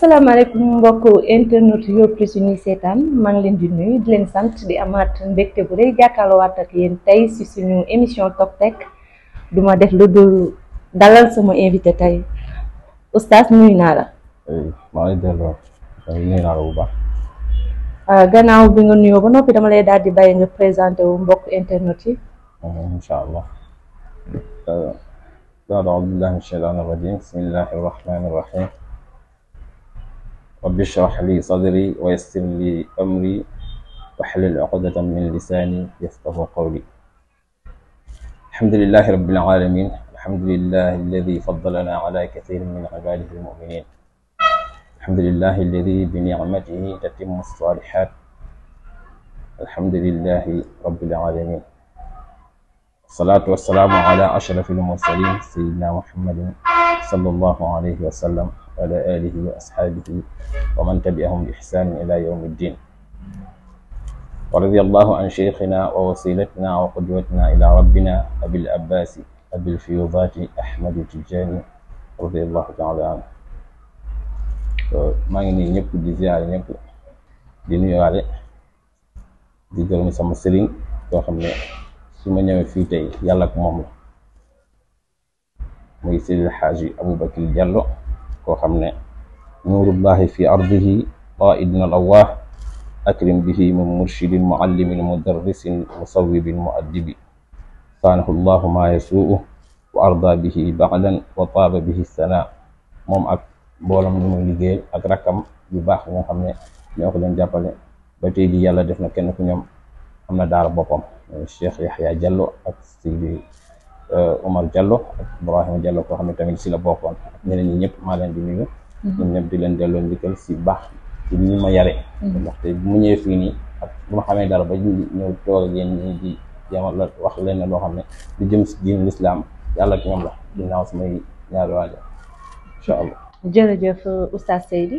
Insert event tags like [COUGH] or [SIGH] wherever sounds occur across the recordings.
asalaamaaleykum mbokk internet yo plus yu ñuy seetaan maa ngi leen di nuyu di leen sant di amaat mbégte bu rëy jàkkaarloowaat ak yéen tey si suñu émission Tok Tek du ma def la dul dalal sama invité tey oustaz nuyu naa la. maa ngi delloo nuyu ah, gannaaw bi nga nuyoo ba noppi dama la daal di bàyyi nga présenté wu mbokk internet yi. incha allah. بعد أعوذ بالله من الشيطان الرجيم بسم الله الرحمن الرحيم rabbi shrah li sadri wa yassir li amri wahlul uqdatan min lisani yafqahu qawli alhamdulillahi rabbil alamin alhamdulillahi alladhi faddalana ala kathirin min ibadihi almu'minin alhamdulillahi alladhi bi ni'matihi tatimmu as-salihat alhamdulillahi rabbil alamin as-salatu was-salamu ala ashrafil mursalin sayyidina muhammadin sallallahu alayhi wa sallam wa ala alihi wa ashaabihi wa man tabi'ahum bi ihsaanin ila yawmi ddin wa radiyallahu an sheykhina wa wasilatina wa qudwatina ila rabbina abil abbaasi abil fiyudaati ahmadu tijani radiyallahu taala anhu maa ngi nii ñëpp di ziyaare ñëpp di nuyuwaale di gërëm sama sëriñ yoo xam ne su ma ñëwee fii tey yàlla ak moom la muy Seydi El Hadji Aboubacry Diallo koo xam ne nuurullahi fi ardihi qaa'idin al awwah akrim bihi min murshidin muallimin mudarrisin musawwibin muaddibi saanahu llahu maa yasuu'u wa arda bihi ba'dan wa taaba bihi sanaa moom ak mboolam ñu muy liggéey ak rakkam yu baax yi nga xam ne ñoo ko doon jàppale ba tey ji yàlla def na kenn ku ñoom am na daara boppam Cheikh Yaxya Diallo ak Sidi Euh, Omar Diallo ak Ibrahima Diallo koo xam ne tamit si la bokkoon ak ñeneen ñi ñëpp maa leen di nuyu. Mhm. ñoom ñëpp di leen delloo njukkal si baax ci ni ma yare mhm. ndaxte bu mu ñëwee fii nii ak bu xamee dara ba ñëw toog ak yéen ñi di jéemal la wax leen loo xam ne lu jëm si diin lislaam yàlla ak ñoom la ginnaaw samay ñaari waajal incha allah. jërëjëf oustaz Seydi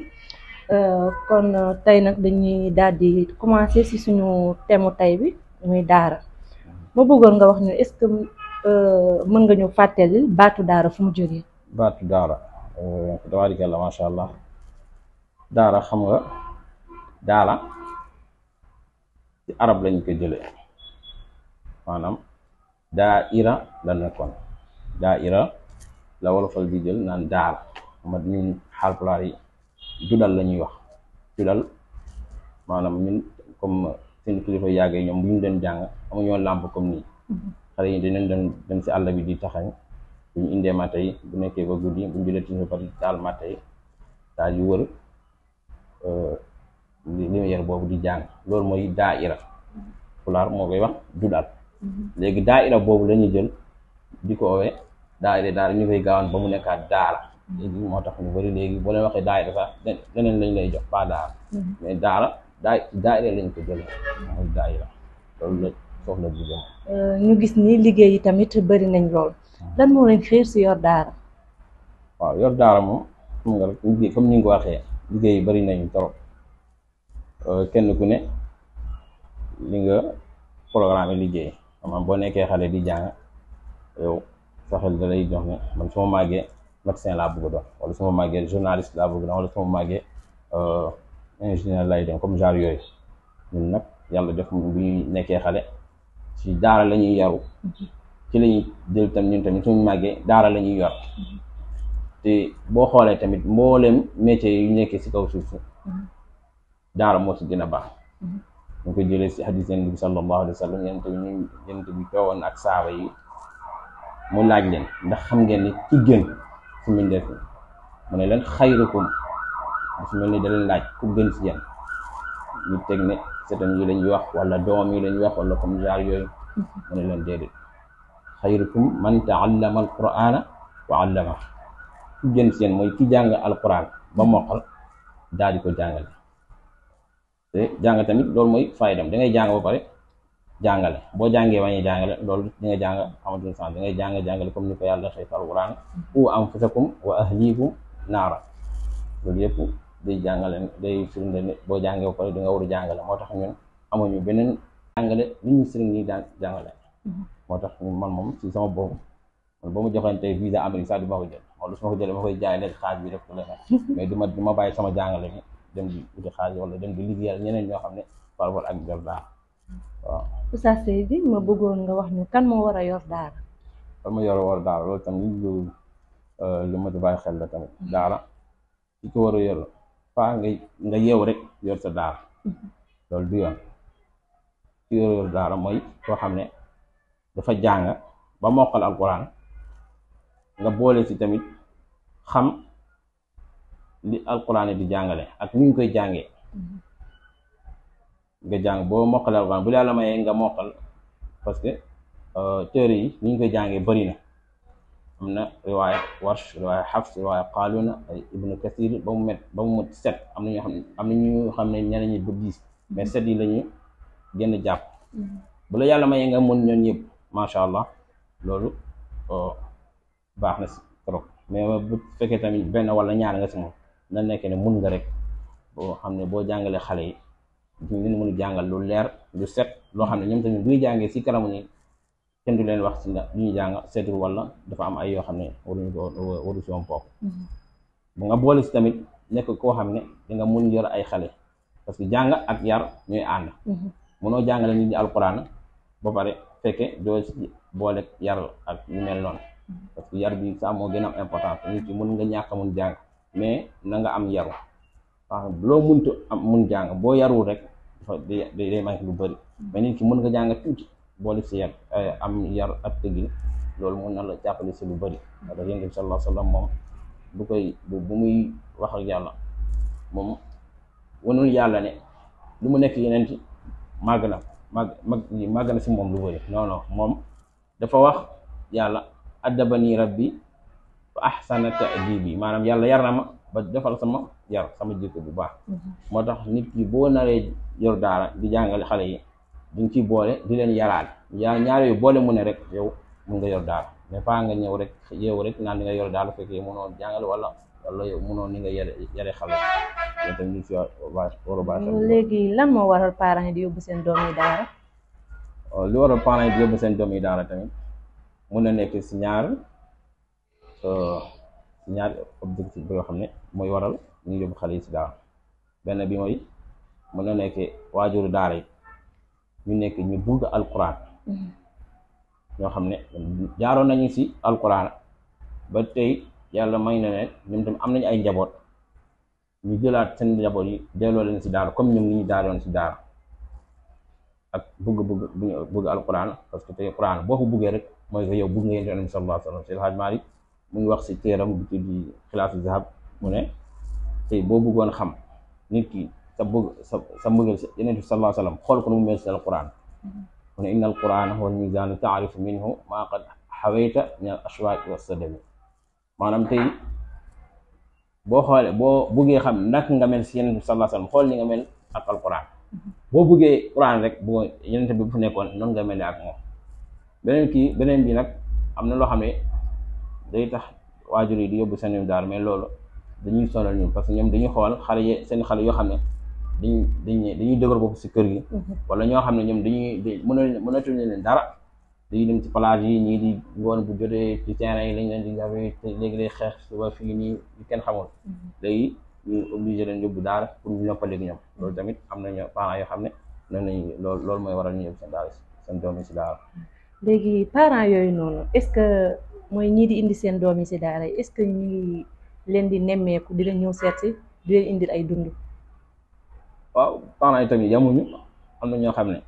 euh, kon euh, tey nag dañuy daal di commencer ci suñu thème tey bi muy daara ma bëggoon nga wax ñu est-ce que Euh, mën nga ñu fàttali baatu daara fu mu jógee. baatu daara euh, tabaarikalla macha allah daara xam nga daara ci arab lañ ko jëlee maanaam ira la nekkoon daaira la wolofal bi jël naan daara ma ñun xaalpulaar yi judal la ñuy wax judal maanaam ñun comme seen kilifa yàggee ñoom bu ñu doon jàng amuñoo làmp comme nii mm-hmm. xale yi dinañ dem dem si àll di taxañ bu bu nekkee ba guddi bu ñu jëlee timis euh, boobu di jàng loolu mooy daa pulaar moo koy wax judaat léegi daaira boobu lañuy ñuy jël di ko owee daaira daal ñu koy gaawaan ba mu nekkaat daara léegi moo tax ñu bëri léegi boo leen waxee daaira sax leneen lañ lay jox pas daara mm-hmm. mais daara daa daaira lañ ko jëlee mooy daaira loolu la foofu la jigéen ñu gis nii liggéey yi tamit bëri nañ lool ah. lan moo leen xiir si yor daara waaw yor daara moom xam nga rek comme nga ko waxee liggéey bari bëri nañu trop euh, kenn ku ne li nga programme liggéey maanaam boo nekkee xale di jàng yow saxel da lay jox ne man su màggee médecin laa bëgg doon wala su màggee journaliste laa bëgg doon wala su ma màggee euh, ingénieur lay dem comme genre yooyu ñun nag yàlla def bu ñuy nekkee xale ci daara la ñuy yaru mhm. ci la ñuy jël tam ñun tamit suñu màggee daara la ñuy yor mhm. te boo xoolee tamit mbooleem métier yu nekkee si kaw suuf mhm. daara moo si gën a baax ñu ko si hadis yonent bi sallallahu alayhi wa sallam yonent bi ñu yonent bi ak saaba yi mu laaj leen ndax xam ngeen ni ki gën su mu mu ne leen xayrukum dafa mel ni da laaj ku gën si yéen ñu teg ne setan yi lañuy wax wala doom yi lañuy wax wala comme genre yooyu mu ne leen déedéet xayrukum man taallama alqurana wa allama ku gën seen mooy ki jàng alquran ba mokkal daal di ko jàngale te jàng tamit loolu mooy faydam da ngay jàng ba pare jàngale boo jàngee wañee jàngale loolu di nga jàng amatul sens da ngay jàng jàngale comme ni ko yàlla xëy alquran u anfusakum wa ahlikum naara loolu yëpp day jàngale day firnde ne boo jàngee ba pare war a jàngale moo tax ñun amuñu beneen jàngale li ñu sëriñ ñi daan jàngale mm-hmm. moo tax man moom si sama bopp man ba mu joxante visa Amérique sax du ma ko jël moom lu su ma jaay lekk bi def ko mm-hmm. ma du ma bàyyi sama jàngale bi dem di uti xaaj wala dem di liggéeyal ñeneen ñoo xam ne par rapport ak yor daara waaw Oustaz Seydi ma bëggoon nga wax ñu kan moo war a yor daara kan moo yor war daara loolu tamit lu euh, lu ma di bàyyi xel la tamit daara ki ko war a yor faa nga nga yeew rek yor sa daara mm-hmm. loolu du yoon ci yor yor daara mooy koo xam ne dafa jàng ba mokkal alquran nga boole si tamit xam li alquran di jàngale ak ni ñu koy jànge mm-hmm. nga jàng boo moqale alquran bu la yàlla mayee nga mokkal parce que euh, théorie yi ni ñu koy jàngee bari na am na riwaaya warsh riwaaya xafs riwaaya qaaluna ay ibnu kathir ba mu met ba mu mët set am na ñoo xam ne am na ñu xam ne ñeneen ñi ba diis mais set yi la genn gën a jàpp mm-hmm. bu yàlla mayee nga mën ñoon yëpp macha allah loolu baax na si trop mais bu fekkee tamit benn wala ñaar nga si moom na nekk ne mun nga rek boo xam ne boo jàngalee xale yi duñ leen mën jàngal lu leer lu set loo xam ne ñoom tamit buy jàngee si kanamu ni kenn du leen wax si la ñuy jàng seetul wala dafa am ay yoo xam ne waruñu ko waru si woon foofu bu mhm. nga boole si tamit nekk koo xam ne danga mun yor ay xale parce que jàng ak yar ñuy ànd mënoo mhm. jàngale nit ñi alquran ba pare fekke doo si boole yar ak ñu mel noonu mhm. parce que yar bi sax moo gën a am importance nit ki mun nga ñàkk mun jàng mais na nga am yaru waaw loo muntu am mun jàng boo yarul rek dafa day day manqué lu bëri mais nit ki mën nga jàng tuuti boole si yar am yar ak tëggin loolu mun na la jàppale si lu bëri moo tax yonent bi sallallahu alayhi wa sallam moom bu koy bu muy wax yàlla moom wanul yàlla ne lu mu nekk yeneen ci màgg na màgg màgg na si moom lu bëri non non moom dafa wax yàlla addabani rabbi fa ahsana ta'dibi maanaam yàlla yar na ma ba defal sama yar sama jikko bu baax mm-hmm. moo tax nit ki boo naree yor daara di jàngale xale yi di nga ciy boole di leen yaraale yaa ñaar yooyu boole mu ne rek yow mun nga yor daal mais pas nga ñëw rek yow rek naa ni nga yor daal fekk yow mënoo jàngale wala wala yow ni nga yare yare xale yow tam ñu si war a léegi lan moo waral parents yi di yóbbu seen doom yi daara oh, li waral parents yi di yóbbu seen doom yi daara tamit mun na nekk si ñaar euh, si ñaar bi nga xam ne mooy waral ñu yóbbu xale yi si daara benn bi mooy mën na nekk waajuru daara yi ñu nekk ñu bëgg alquran mm-hmm. ñoo xam ne jaaroon nañu si alquran ba tey yàlla may na ne ñoom tam am nañu ay njaboot ñu jëlaat seen njaboot yi delloo leen si daara comme ñoom ni ñu daaloon si daara ak bëgg bugg bu ñu bëgg parce que tey quran boo ko bëggee rek mooy que yow bëgg nga yonent bi sallallahu alayhi wa si alhaaj Malik mu ngi wax si téeram bu tudd xilaasu zahab mu ne tey boo bëggoon xam nit ki sa bëgg sa sa mbëggeel yeneen bi sallallahu alayhi wa sallam xool ko nu mu mel si alquran mu ne inna alqurana huwa almizanu taarifu minhu maa qad xaweyta min al ashwaaqi wa sadami maanaam tey boo xoolee boo bëggee xam nak nga mel si yeneen bi sallallahu alayhi wa sallam xool ni nga mel ak alquran boo bëggee quran rek bu yeneen bi bu nekkoon noonu nga mel ne ak moom beneen kii beneen bi nag am na loo xam ne day tax waajur yi di yóbbu seen daal mais loolu dañuy sonal ñun parce que ñoom dañuy xool xale yi seen xale yoo xam ne dañuy dañuy dañuy dëgër bopp si kër gi. Mhm. wala ñoo xam ne ñoom dañuy mënal mënatuñu leen dara dañuy dem ci plage yi ñii di ngoon bu jotee ci terrain yi lañ leen di jafe léegi day xeex suba fii nii mhm. ñu obligé leen yóbbu ñu noppaleeg ñoom mhm. loolu tamit am nañu parents yoo xam ne noonu lañuy loolu loolu mooy waral ñu yóbbu seen daara seen doom yi si daara. léegi que mooy ñii di indi seen doom yi si daara ce que ñu leen di nemmeeku di leen ñëw seet si indi ay dund. waaw parents yi tamit yamuñu am na ñoo xam ne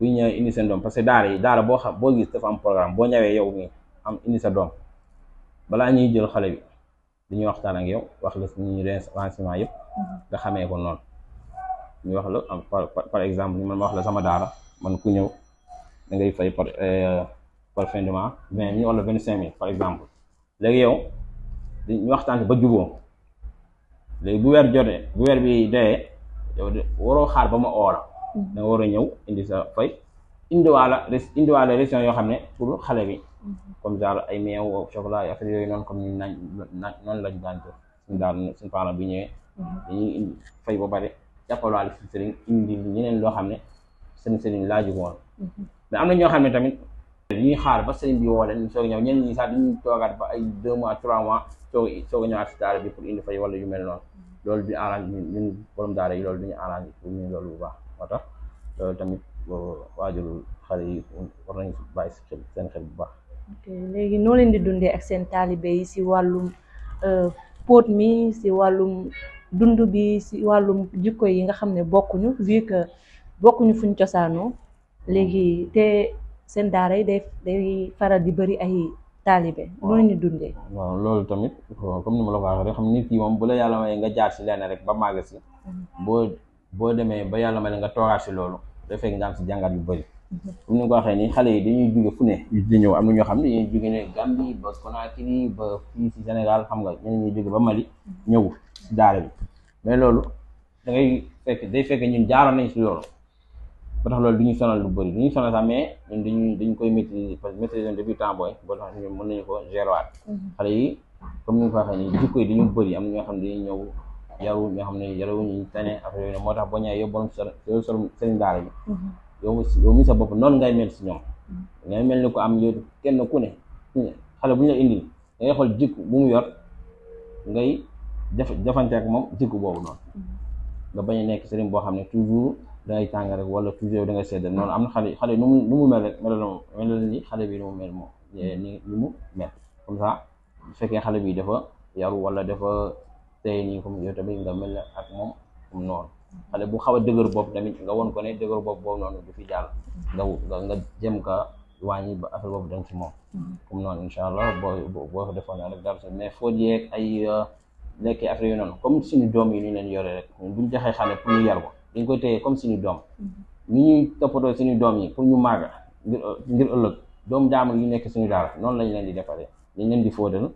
bu ñëwee indi seen doom parce que daara yi daara boo xam boo gis dafa am programme boo ñëwee yow mi am indi sa doom balaa ñuy jël xale bi dañuy waxtaan ak yow wax la suñu renseignement yëpp nga ko noonu ñu wax la par exemple man wax la sama daara man ku ñëw da ngay fay par euh, par fin mais mois vingt mille wala vingt cinq mille par exemple léegi yow ñu waxtaan ba juboo léegi bu weer jotee bu weer bi dee yow de waroo xaar ba ma oo la mm. da war a ñëw indi sa fay indiwaale indiwaale région yoo xam ne pour xale bi mm-hmm. comme genre ay meew chocolat yi affaire yooyu noonu comme ñu nañ nañ noonu lañ daan jox bi ñëwee mm-hmm. dañuy indi fay ba pare jàppalaale si loo xam ne seen sëriñ laaju woon mm-hmm. mais ñoo xam ne tamit dañuy xaar ba sëriñ bi woo ñëw ñeneen ñi sax dañuy toogaat ba ay deux mois trois mois soog soog ñëwaat si daara bi pour indi fay wala yu mel noonu loolu bi arrange ñun daara yi loolu du ñu arrange pour ñun loolu bu baax moo tax loolu tamit euh, waajur xale yi war nañu seen xel bu baax. léegi noo leen di dundee ak seen taalibe yi si wàllum euh, póot mi si wàllum dund bi si wàllum jikko yi nga xam ne bokkuñu vu que bokkuñu fuñ cosaanoo léegi te seen daara yi day day faral di bari ay. taalibe lu ñu dundee waaw loolu tamit comme ni ma la ko waxee rek xam nit ki moom bu la yàlla may nga jaar si lenn rek ba màgg si mm-hmm. boo boo demee ba yàlla may nga toogaat si loolu dafay fekk am si jàngat yu bëri mm-hmm. comme ni nga ko waxee nii xale yi dañuy jóge fu ne di ñëw am na ñoo xam ne dañuy jóge ne Gambie ba Conakry ba fii si Sénégal xam nga ñeneen ñuy jóge ba Mali mm-hmm. ñëw si bi mais loolu da ngay fekk day fekk ñun jaaroon nañ si lool ba tax loolu du ñu sonal lu bëri du ñu sonal sax mais ñun dañuy dañ koy maîtriser parce depuis temps sa bopp noonu ngay mel si ñoom mhm. ku ne xale bu ñu la indi ngay xool jikko bu mu yor boobu noonu mhm. nga bañ a nekk sëriñ boo xam ne toujours dangay tànga rek wala toujours da nga seddal noonu am na xale xale nu mu nu mu mel rek melal moom melal ni xale bi nu mu mel moom ni ni bu fekkee xale bi dafa yaru wala dafa tey nii comme yow tamit nga mel ak moom comme noonu xale bu xaw a dëgër bopp tamit nga won ko ne dëgër bopp boobu du fi jàll nga nga jëm ka wàññi ba affaire boobu dem ci moom comme noonu incha allah boo boo fa defoon foo jeeg ay lekk euh, affaire yu noonu comme suñu doom yi ñu leen yore rek buñ joxee xale pour ñu yar ko dañ koy téye comme suñu doom mm-hmm. ni ñuy toppatoo suñu doom yi pour ñu màgg ngir ëllëg doomu jaamur ñu nekk suñu daara noonu lañ leen di defaree dañ leen di fóotal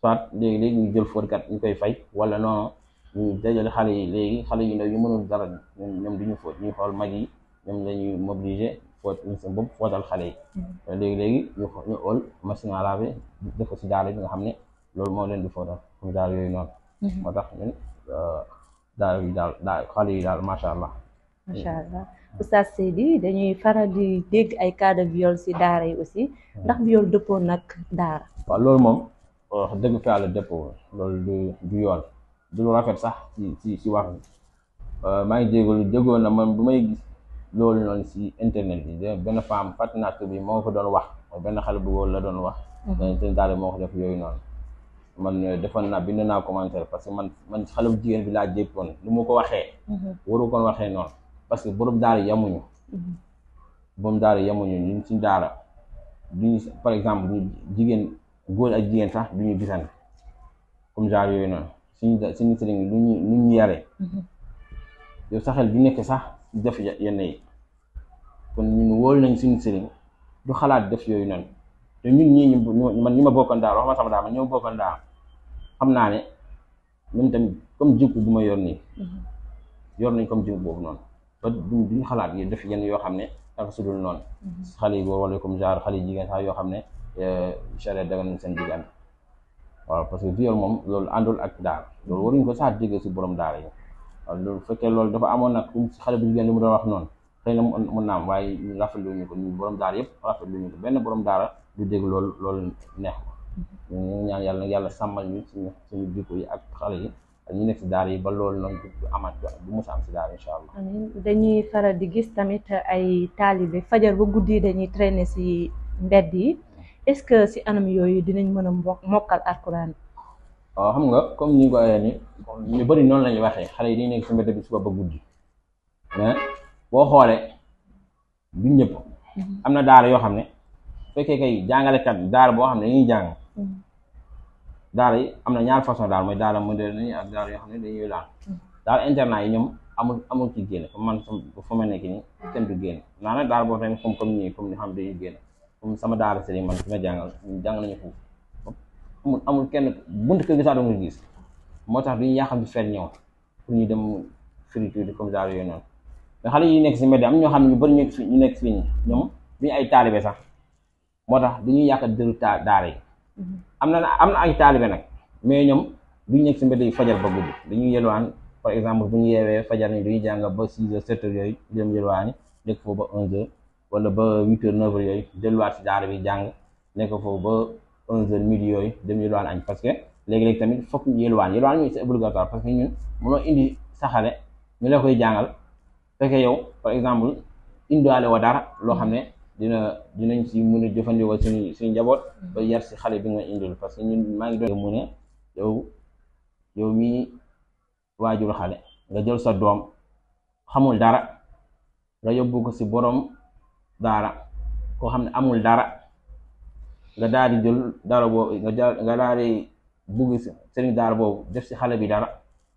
soit léegi léegi ñu jël fóotkat ñu koy fay wala noonu dajale xale yi léegi xale yu ndaw yu mënul dara ñoom du ñu fóot ñuy xool mag yi ñoom lañuy mobiliser fóot ñu seen bopp fóotal xale yi mm-hmm. léegi léegi ñu ñu óol machine à laver def ko si daara bi nga xam ne loolu moo leen di fóotal comme mm-hmm. moo tax ñun euh, daal yi daal daal xale yi daal macha allah. macha allah Oustaz dañuy faral di dégg ay cas de viol si daara yi aussi ndax viol dëppoo nag daara. waaw loolu moom wax dëgg fa yàlla dëppoo loolu du du du lu rafet sax ci ci ci wax euh, maa ngi jégalu jégoon na man bu may gis loolu noonu si internet bi de benn femme Fatou bi moo ko doon wax benn xale bu góor la doon wax. dañu mhm. seen daara moo ko def yooyu noonu. man euh, defan naa bind naa commentaire parce que man man xale bu jigéen bi laa jéppoon nu mu ko waxee. Mhm. waru kon waxee noonu parce que borom daal yamuñu. Mhm. borom daal yamuñu ñun suñu daara duñu par exemple ñu jigéen góor ak jigéen sax duñu bisan comme genre yooyu noonu suñu da suñu sëriñ lu ñu lu ñu yare. Mhm. yow du nekk sax def yenn yi kon ñun wóolu nañ suñu sëriñ du xalaat def yooyu noonu te ñun ñii ñu man ñi ma bokkoon daara wax ma sama daara man ñi ma bokkoon daara xam naa ne même tamit comme jikko bu ma yor nii mhm. yor nañ comme jikko boobu noonu ba duñ xalaat yi def yenn yoo xam ne dafa sudul noonu mhm. xale yi boo wala comme genre yi jigéen yoo xam ne euh, charia daga nañ seen diggante waaw parce que viol moom loolu àndul ak daara loolu waruñ ko saa déggee si borom daara yi loolu fekkee loolu dafa amoon nag xale bu jigéen li mu doon wax noonu xëy na mun naa waaye ñu rafetlu ñu ko ñu borom daara ñu ko benn borom daara du dégg loolu neex ko ñu ñaan yàlla yàlla sàmmal ñu suñu suñu yi ak xale yi ak nekk si daara yi ba loolu noonu du amaat du mos a am si daara incha allah. dañuy faral di gis tamit ay taalibe fajar ba guddi dañuy traîner si mbedd yi est-ce que si anam yooyu dinañ mën a mokkal alquran. waaw xam nga comme ni ñu ko waxee ni ñu bëri noonu la waxee xale yi dañuy nekk si mbedd bi suba ba guddi mais boo xoolee du ñëpp mm-hmm. am na daara yoo xam ne fekkee kay jàngalekat daara boo xam ne daara yi am na ñaar façon daal mooy daara moderne yi ak daara ne dañuy laal daara internat yi ñoom amul amul ci génn comme man fu ma nekk nii kenn du génn naa nag daara boobu tamit comme comme nii comme ni xam dañuy sama daara sëriñ man fi ma jàngal jàng nañu foofu amul kenn bunt kër gi sax gis moo tax duñu yàqam ci fenn ñu dem firi tuuti comme daara yooyu noonu mais xale yi nekk si mbedd am ñoo xam ne ñu bëri ñu nekk fii ñu nekk fii nii ñoom duñu ay taalibe sax moo tax duñuy yàq dëru daara yi Mm-hmm. am na am na ay taalibe nag mais ñoom duñ nekk si mbedd yi fajar ba guddi dañuy yelwaan par exemple bu ñu yeewee fajar ni duñu jàng ba six heures sept heures ba onze wala ba huit yooyu delluwaat si daara bi jàng nekk foofu ba onze heures yooyu dem yelwaan añ parce que léegi-léegi tamit fokk ñu yelwaan yelwaan mi c'est obligatoire parce que ñun mënoo indi saxale ñu la koy jàngal fekkee yow par exemple indiwaale wa dara loo xam ne dina dinañ si mun a jëfandikoo suñu suñu njaboot ba yar si xale bi nga indil parce que ñun maa ngi doon mu ne yow yow mii waajur xale nga jël sa doom xamul dara nga yóbbu ko si borom daara koo xam ne amul dara nga daal jël dara boobu nga nga daal di bugg sëriñ daara boobu def si xale bi dara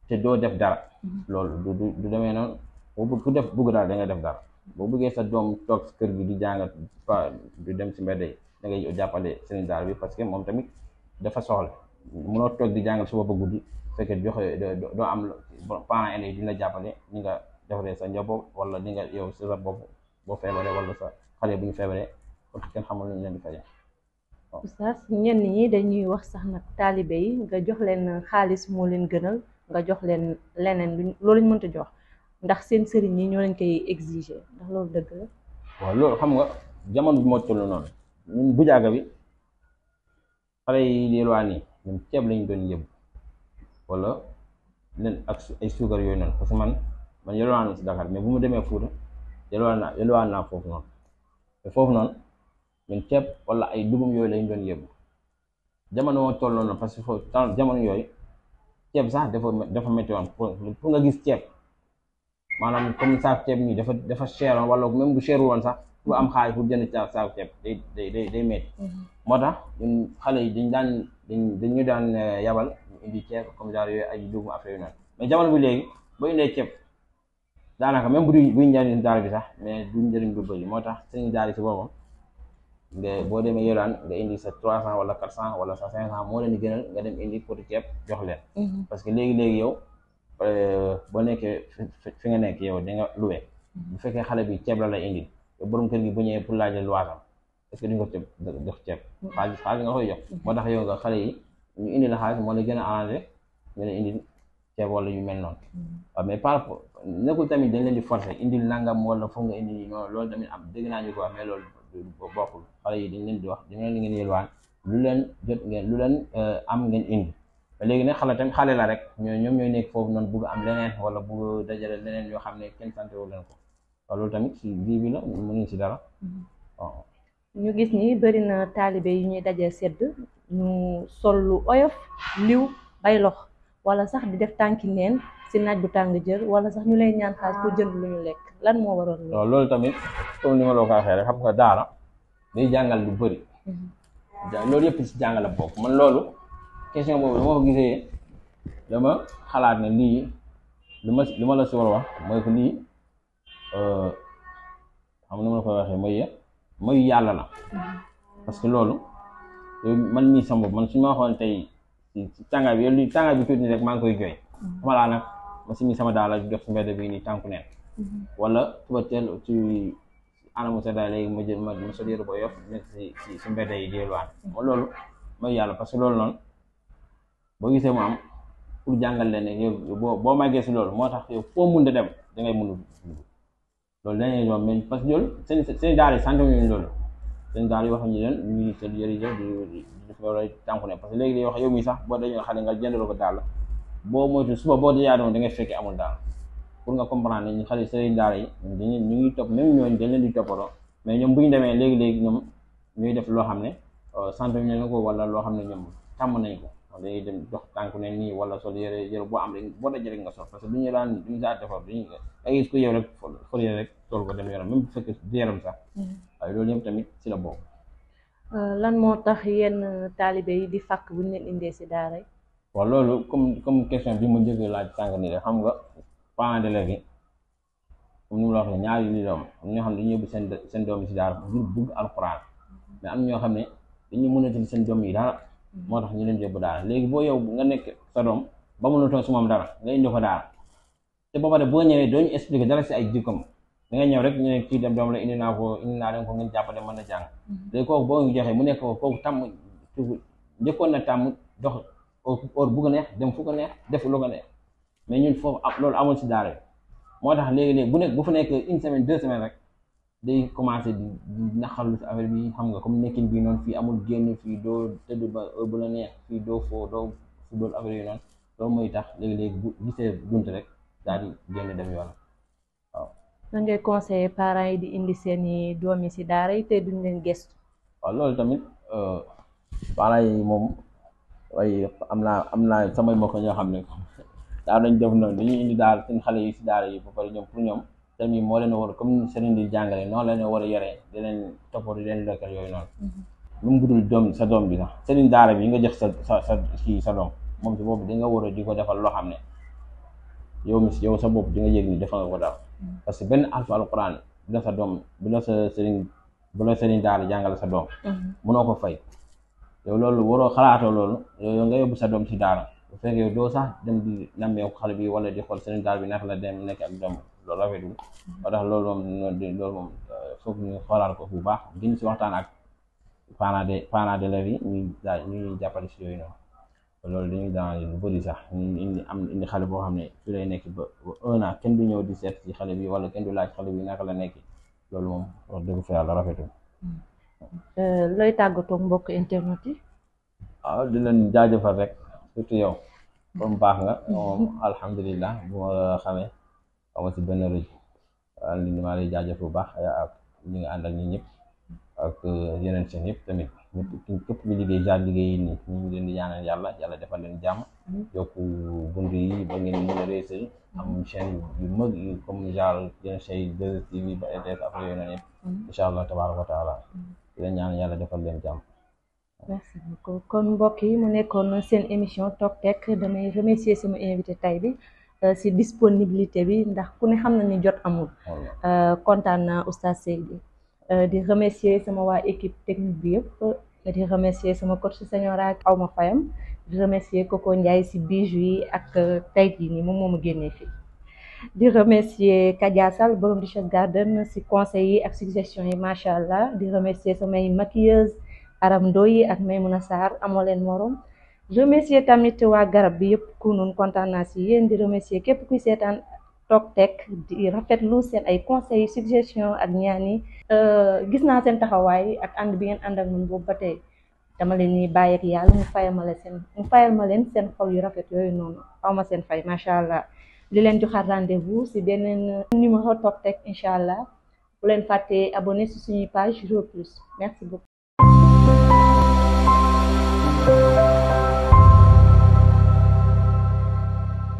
te doo def dara mm-hmm. loolu du du demee noonu ku def bugg daal da nga def dara. boo bëggee sa doom toog kër gi di jàngat pa du dem si mbedd yi da ngay jàppale seen daara bi parce que moom tamit dafa soxla mënoo toog di jàngal suba ba guddi fekk joxe am parents élèves jàppale ni nga defaree sa njaboot wala ni nga yow sa bopp boo feebaree wala sa xale bu ñu feebaree parce que kenn xamul lu ñu leen di fajee. oustaz ñenn ñi dañuy wax sax nag taalibe yi nga jox leen xaalis moo leen gënal nga jox leen leneen loolu ñu mënta jox. ndax seen sëriñ yi ñoo leen koy exiger ndax loolu dëgg la. waaw loolu xam nga jamono bi moo toll noonu ñun bu jaaga bi xale yi di yelwaan yi ñoom ceeb lañu doon yëbb wala leen ak ay suukar yooyu noonu parce que man man yelwaan si Dakar mais bu mu demee Fuuta yelwaan naa yelwaan foofu noonu te foofu noonu ñun ceeb wala ay dugub yooyu lañu doon yëbb jamono moo toll noonu parce que foofu temps jamono yooyu ceeb sax dafa dafa métti woon nga gis ceeb. maanaam comme saako ceeb ñu dafa dafa cheroon wala bu cherul woon sax bu am mm-hmm. xaalis pour jënd ca saako ceeb day day day métti mm-hmm. moo tax xale yi dañ daan dañ dañu daan eh, yabal ñu indi ceeb comme ay dugub affaire yu naan mais jamono bi léegi boo indee ceeb daanaka même bu buy njëriñ daara bi sax mais du njëriñ lu bëri moo tax seen daara si boppam nga boo demee yolaan nga indi sa trois cent wala quatre cent wala sa cinq cent moo leen di gënal nga dem indi potu ceeb jox leen mm-hmm. parce que léegi-léegi yow Euh, boo nekkee fi nga nekk yow di nga luwe bu fekkee xale bi ceeb la lay indi te borom kër gi bu pour laaj la luwaasam est que duñ ko ceeb jox ceeb xaalis xaalis nga koy jox moo tax yow nga xale yi ñu indi la xaalis moo la gën a indi ceeb wala yu mel noonu waaw mais par rapport nekkul tamit dañ leen di forcer indil nangam wala foog nga indi noonu loolu tamit am dégg naa ñu ko mais loolu bokkul xale yi lu leen jot ngeen lu leen euh, am ngeen indi ba léegi nag xale tamit xale la rek ñoo ñoom ñooy nekk foofu noonu bugg am leneen wala bugg dajale leneen yoo xam ne kenn sante wu leen ko waaw loolu tamit si bii bi la mënuñ si dara mm-hmm. gis ni bëri na taalibe yu ñuy dajee sedd sol lu oyof liw bay lox wala sax di def tànki neen si naaj bu tàng jër wala sax ñu lay ñaan xaalis jënd lan moo waroon waaw tamit comme ni ma la ko waxee rek xam nga daara day jàngal lu bari mm-hmm. loolu yëpp si jàngal la bokk man loolu question boobu dama ko gisee dama xalaat na lii lu ma lu ma la si war a wax mooy ko lii euh, xam nu ma la koy waxee mooy yàlla la parce que loolu man mii sama bopp man suñu ma waxoon tey ci tàngaay bi li tàngaay bi tuuti rek maa ngi koy jooy xama mm-hmm. laa nag ma si mi sama daal la dox si mbedd bii nii tànku neen mm-hmm. wala tuba teel ci anamu sa daal léegi ma jël ma si si si mbedd yi di mm-hmm. loolu mooy yàlla parce que loolu noonu boo gisee mu am pour jàngal ne yow boo boo màggee si loolu moo tax yow foo mun da dem da ngay mun loolu dañuy ñoom mais parce que loolu seen seen daara yi sant nañu loolu seen daara yi wax ñu leen ñu seen jërëjëf di di tànku ne parce que léegi day wax yow mii sax boo dañoo xale nga jëndaloo ko daal boo moytu suba boo dajaa doon da ngay fekkee amul daal pour nga comprendre ne xale seen daara yi dañu ñu ngi topp même ñooñu dañ leen di toppatoo mais ñoom bu ñu demee léegi-léegi ñoom ñooy def loo xam ne sant euh, nañu ko wala loo xam ne ñoom tàmm nañ ko wax dañuy ne nii wala sol yére yére boo am rek boo nga sol parce que du ñu daan du ñu saa ñu da gis ko yow rek fol yére rek sol ko mm-hmm. tamit ci la euh, lan moo tax yenn taalibe yi di fàkk bu ñu indee si daara yi loolu comme comme bi ma njëkk laaj sànq nii rek nga parents d'élèves yi comme ni doom xam ne dañuy yóbbu seen doom yi si daara ngir bugg alxuraan mm-hmm. mais am ñoo xam ne dañuy mën a jël seen doom yi daara moo tax ñu leen yóbbu daara léegi boo yow nga nekk sa doom ba mënatoo si moom dara nga indi ko daara te ba pare boo ñëwee doo ñu expliqué dara si ay jikkoom da ñëw rek ñu kii dem doom la indi naa ko indi naa leen ko ngeen jàppale mën na jàng mm-hmm. léegi kooku boo ñu joxee mu nekk ko kooku tàmm njëkkoon na tàmm dox or bu ko neex dem fu ko neex def lu ko neex mais ñun foofu loolu amul si daara yi moo tax léegi-léegi bu nekk bu fa nekk une semaine deux semaines rek day commencé di di naxalu si affaire bi xam nga comme nekkin bi noonu fii amul génn fii doo tëdd ba bu la neex fii doo foo doo football affaire yi noonu loolu mooy tax léegi-léegi bu bunt rek daal di génn dem yoonam waaw. nan yi di indi seen i doom si daara yi duñ leen gëstu. loolu tamit euh, parents yi moom waaye am naa am naa samay mbokk ñoo xam ne [LAUGHS] daaw dañ def noonu dañuy indi daara seen xale yi si daara yi ba pare ñoom pour ñoom. tam yi moo leen war comme sëriñ di jàngale noonu la leen war a yore di leen toppoo di leen lekkal yooyu noonu mhm. lu bu dul doom sa doom bi sax sëriñ daara bi nga jox sa sa sa kii sa doom moom boobu di nga war a di ko defal loo xam ne yow mi yow sa bopp di nga yëg ni defal nga ko mhm. parce que benn alfu alquran bu la sa doom bu la sa sëriñ bu la sëriñ daara jàngale sa doom mënoo mhm. ko fay loolu waroo xalaatoo loolu yow nga yóbbu sa doom si daara bu fekkee doo sax dem di nammeeku xale bi wala di xool sëriñ daara bi naka la dem nekk ak doom rafetul moo tax loolu moom euh, foog ñu xoolaal ko bu baax diñ si waxtaan ak parents de parents d'élèves yi ñuy daal ñuy jàppale si yooyu noonu loolu dañuy daal lu bëri sax ñu am indi xale boo xam ne fi lay nekk ba un an kenn du ñëw di seet si xale bi wala kenn du laaj xale bi naka la nekk loolu moom wax dëgg yàlla rafetul euh, looy tàggatoo mbokk internet yi waaw ah, di leen jaajëfal rek surtout yow comme baax nga moom alhamdulilah bu ma xamee amoo si benn rëcc li lay jaajëf bu baax ak ñi nga àndal ñi ñëpp ak uh, yeneen seen yëpp tamit ñëpp képp ñu liggéey genre liggéey nii ñu ngi leen di ñaanal yàlla yàlla defal leen jàmm mm-hmm. yokk bunt yi ba ngeen mën a réussir am chaîne ba RTS après yooyu noonu yëpp mm-hmm. incha allah tabaaraka wa taala mm-hmm. yàlla defal leen jàmm kon mbokk mu nekkoon seen émission Tok Tek damay remercier sama invité tay bi Euh, si disponibilité bi ndax ku ne xam na ni jot amul euh, kontaan naa oustaz Seydi euh, di remercier sama waa équipe technique bi yëpp di remercier sama coach Señora ak aw ma fayam di remercier Coco Ndiaye si bijoux yi ak tey jii nii moom moo ma génnee di remercier Kadia Sall borom di Chef Garden si conseils yi ak suggestions yi macha allah di remercier samay maquilleuse Aram yi ak Maymouna Sarr amoo leen morom remercier tamit waa garab bi yëpp ku nun kontaan naa si yéen di remercier képp kuy seetaan toog teg di lu seen ay conseils suggestion ak ñaan yi euh, gis naa seen taxawaay ak ànd bi ngeen ànd ak ñun ba tey dama leen ni bàyyi ak yàlla mu fayal ma leen seen mu fayal ma leen seen xol yu rafet yooyu noonu aw ma seen fay macha allah di leen joxaat rendez-vous si beneen numéro toog teg incha allah bu leen fàttee abonné si suñuy page Jour Plus merci beaucoup.